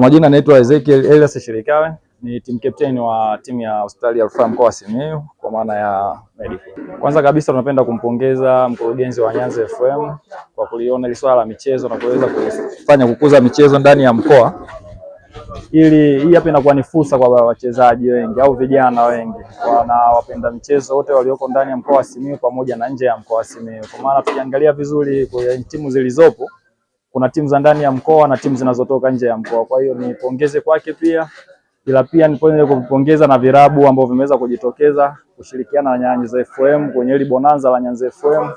Kwa majina naitwa Ezekiel Elias Shirikawe, ni team captain wa timu ya hospitali ya rufaa mkoa wa Simiyu kwa maana ya medical. Kwanza kabisa tunapenda kumpongeza mkurugenzi wa Nyanza FM kwa kuliona ile swala la michezo na kuweza kufanya kukuza michezo ndani ya mkoa, ili hii hapa inakuwa ni fursa kwa wachezaji wengi au vijana wengi na wapenda michezo wote walioko ndani ya mkoa wa Simiyu pamoja na nje ya mkoa wa Simiyu, kwa maana tukiangalia vizuri kwa timu zilizopo kuna timu za ndani ya mkoa na timu zinazotoka nje ya mkoa. Kwa hiyo nipongeze kwake pia, ila pia nipende kupongeza na virabu ambao vimeweza kujitokeza kushirikiana na Nyanza FM kwenye ile bonanza la Nyanza FM.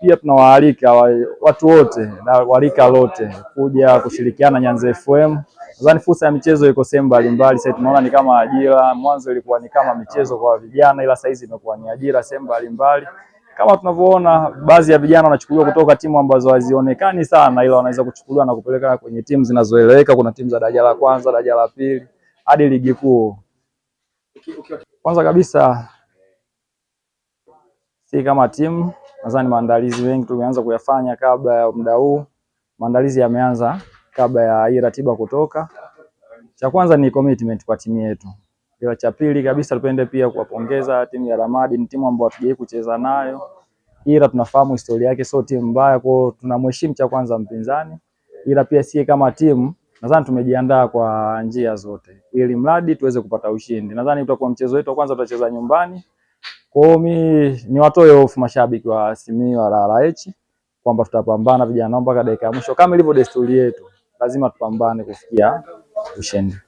Pia tunawaalika watu wote na walika lote kuja kushirikiana na Nyanza FM. Nadhani fursa ya michezo iko sehemu mbalimbali. Sasa tunaona ni kama ajira, mwanzo ilikuwa ni kama michezo kwa vijana, ila saizi imekuwa ni ajira sehemu mbalimbali. Kama tunavyoona baadhi ya vijana wanachukuliwa kutoka timu ambazo hazionekani sana, ila wanaweza kuchukuliwa na kupeleka kwenye timu zinazoeleweka. Kuna timu za daraja la kwanza, daraja la pili hadi ligi kuu. Kwanza kabisa si kama timu, nadhani maandalizi mengi tumeanza kuyafanya kabla ya muda huu. Maandalizi yameanza kabla ya hii ratiba kutoka. Cha kwanza ni commitment kwa timu yetu. Ila cha pili kabisa tupende pia kuwapongeza timu ya Ramadi, ni timu ambayo hatujai kucheza nayo, ila tunafahamu historia yake, sio timu mbaya, kwa tunamheshimu cha kwanza mpinzani, ila pia sie kama timu nadhani tumejiandaa kwa njia zote ili mradi tuweze kupata ushindi. Nadhani utakuwa mchezo wetu wa kwanza, tutacheza nyumbani. Kwa Mi ni watoe hofu mashabiki wa Simiyu RRH kwamba tutapambana vijana, naomba mpaka dakika ya mwisho, kama ilivyo desturi yetu, lazima tupambane kufikia ushindi.